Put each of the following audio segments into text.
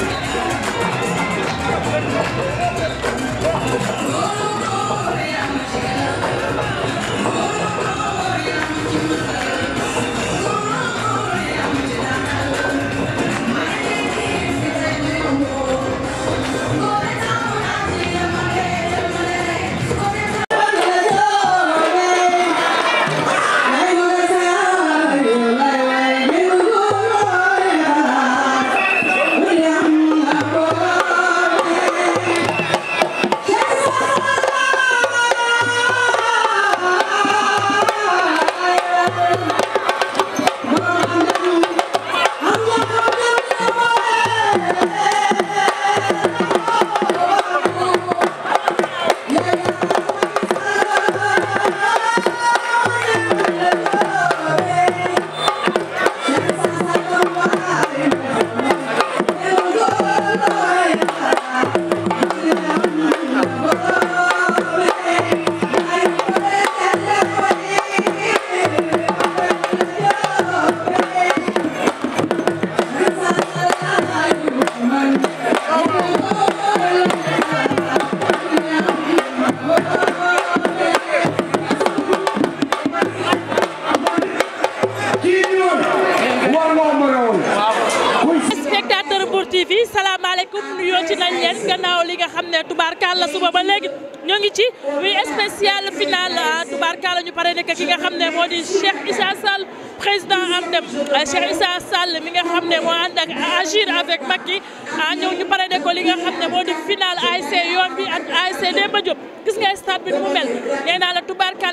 Yeah. asalaamaaleykum nuyooti nañ leen gannaaw li nga xam ne tubaarkàlla suba ba léegi ñoo ngi ci muy spécial final ah, tubaarkaala ñu pare nekk ki nga xam ne moo di Cheikh Issa Sall président Andem ah, Cheikh Issa Sall mi nga xam ne moo ànd ak agir avec Macky a ah, ñëw ñu pare ne ko li nga xam ne moo di final ASC yoon bi ak ASC Demba Diop gis nga stade bi nu mu mel nee naa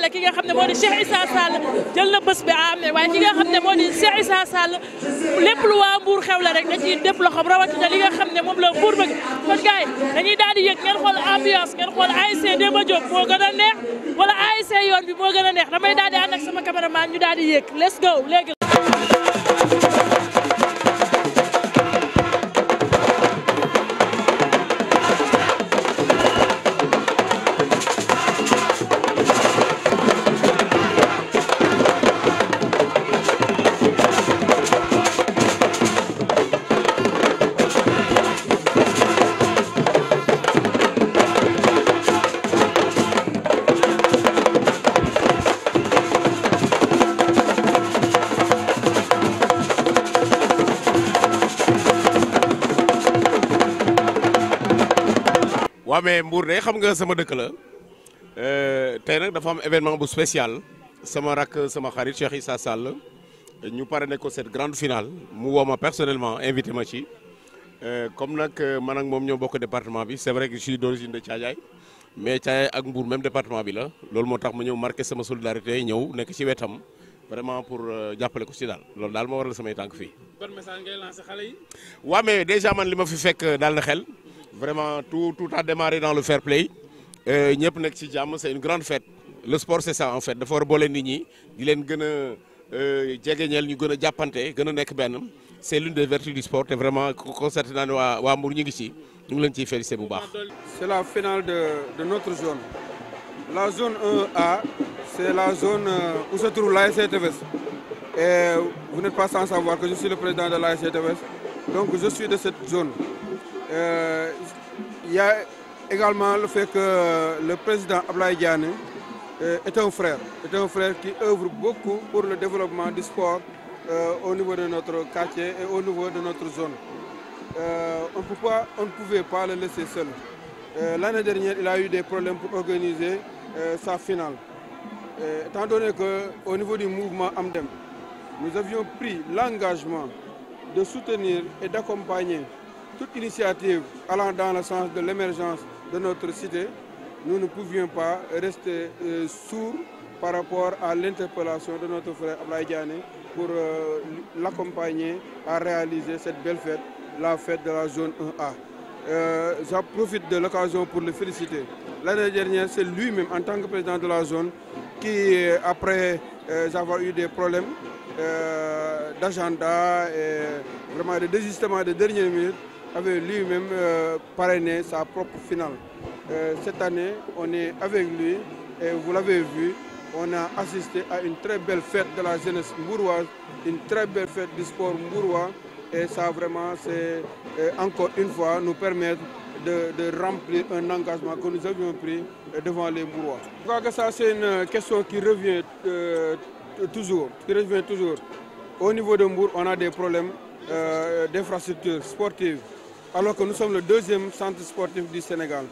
la ki nga xam ne moo di Cheikh Issa Sall jël na bés bi amee waaye ki nga xam ne moo di Cheikh Issa Sall lépp lu waa Mbour xew la rek da ciy def loxoom rawatina li nga xam ne moom la Mbour bëgg kon gars yi daal di yëg ngeen xool ambiance ngeen xool ASC Demba Diop moo gën a neex wala ASC bi moo gën a neex damay daal di ànd ak sama cameraman ñu daal let's go léegi waa mais Mbour de xam nga sama dëkk la euh, tey nag dafa am événement bu spécial sama rakk sama xarit Cheikh Issa Sall ñu pare ne ko cette grande finale mu woo ma personnellement invité ma ci euh, comme nag euh, man moom ñoo bokk département bi c'est vrai que je suis d'origine de Thiadiaye mais Thiadiaye ak Mbour même département bi la loolu moo tax ma ñëw marqué sama solidarité ñëw nekk ci wetam vraiment pour jàppale ko ci daal loolu daal moo waral samay tànk fii. ban man li ma fi fekk daal na Vraiment, tout, a démarré dans le fair play. Euh, c'est une grande fête. Le sport, c'est ça en fait. Il faut les gens. C'est l'une des vertus du sport. Et vraiment, nous C'est la finale de, notre zone. La zone 1A, c'est la zone euh, où se trouve l'ASCTVS. Et vous n'êtes pas sans savoir que je suis le président de l'ASCTVS. Donc je suis de cette zone. Euh, il y a également le fait que euh, le président Ablaï euh, est un frère, est un frère qui œuvre beaucoup pour le développement du sport au niveau de notre quartier et au niveau de notre zone. on, ne pouvait pas le laisser seul. L'année dernière, il a eu des problèmes pour organiser sa finale. étant donné qu'au niveau du mouvement Amdem, nous avions pris l'engagement de soutenir et d'accompagner toute initiative allant dans le sens de l'émergence de notre cité, nous ne pouvions pas rester euh, sourds par rapport à l'interpellation de notre frère Ablaïdiane pour euh, l'accompagner à réaliser cette belle fête, la fête de la zone 1A. Euh, j'en profite de l'occasion pour le féliciter. L'année dernière, c'est lui-même, en tant que président de la zone, qui, après avoir eu des problèmes d'agenda et vraiment de désistement de dernière minute, avait lui-même euh, parrainé sa propre finale. Euh, cette année, on est avec lui et vous l'avez vu, on a assisté à une très belle fête de la jeunesse bourroise, une très belle fête du sport mbourois et ça vraiment, c'est euh, encore une fois nous permettre de, remplir un engagement que nous avions pris devant les bourrois. Je crois que ça, c'est une question qui revient toujours, qui revient toujours. Au niveau de Mbour, on a des problèmes d'infrastructures sportives alors que nous sommes le deuxième centre sportif du Sénégal.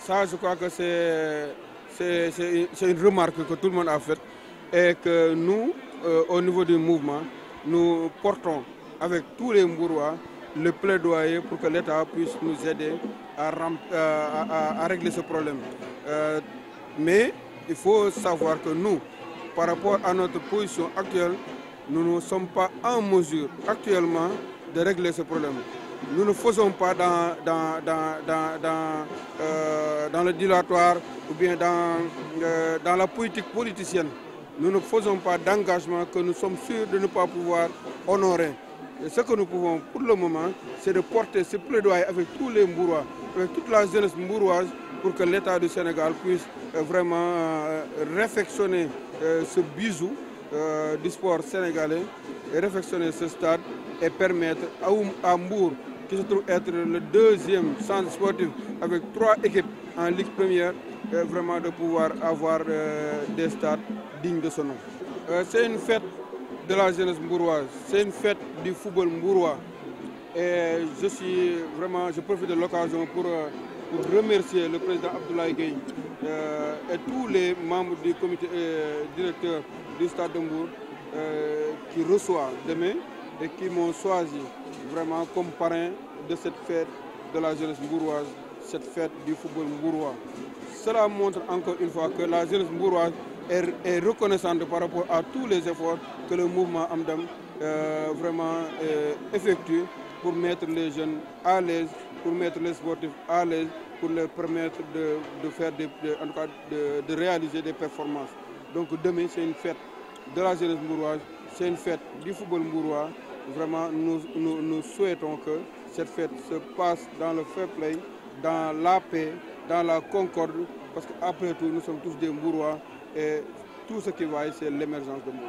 Ça, je crois que c'est une remarque que tout le monde a faite et que nous, euh, au niveau du mouvement, nous portons avec tous les Mbourois le plaidoyer pour que l'État puisse nous aider à, régler ce problème. Euh, mais il faut savoir que nous, par rapport à notre position actuelle, nous ne sommes pas en mesure actuellement de régler ce problème nous ne faisons pas dans, dans, euh, le dilatoire ou bien dans, euh, dans la politique politicienne. Nous ne faisons pas d'engagement que nous sommes sûrs de ne pas pouvoir honorer. ce que nous pouvons pour le moment, c'est de porter ce plaidoyer avec tous les Mbourois, avec toute la jeunesse mbouroise, pour que l'État du Sénégal puisse euh, vraiment réfectionner ce bisou du sport sénégalais et réfectionner ce stade et permettre à Hambourg, qui se trouve être le deuxième centre sportif avec trois équipes en Ligue première, euh, vraiment de pouvoir avoir euh, des stades dignes de ce nom. Euh, c'est une fête de la jeunesse mbouroise, c'est une fête du football mbourois. Et je suis vraiment, je profite de l'occasion pour, remercier le président Abdoulaye Gueye et tous les membres du comité directeur du Stade de qui reçoit demain et qui m'ont choisi vraiment comme parrain de cette fête de la jeunesse mbouroise, cette fête du football mbourois. Cela montre encore une fois que la jeunesse mbouroise est, reconnaissante par rapport à tous les efforts que le mouvement Amdam euh, vraiment euh, effectue pour mettre les jeunes à l'aise, pour mettre les sportifs à l'aise, pour leur permettre de, faire des, de, réaliser des performances. Donc demain, c'est une fête de la jeunesse mbouroise, c'est une fête du football mbourois, Vraiment, nous, nous, souhaitons que cette fête se passe dans le fair play, dans la paix, dans la concorde, parce qu'après tout, nous sommes tous des mourois et tout ce qui vaille, c'est l'émergence de monde.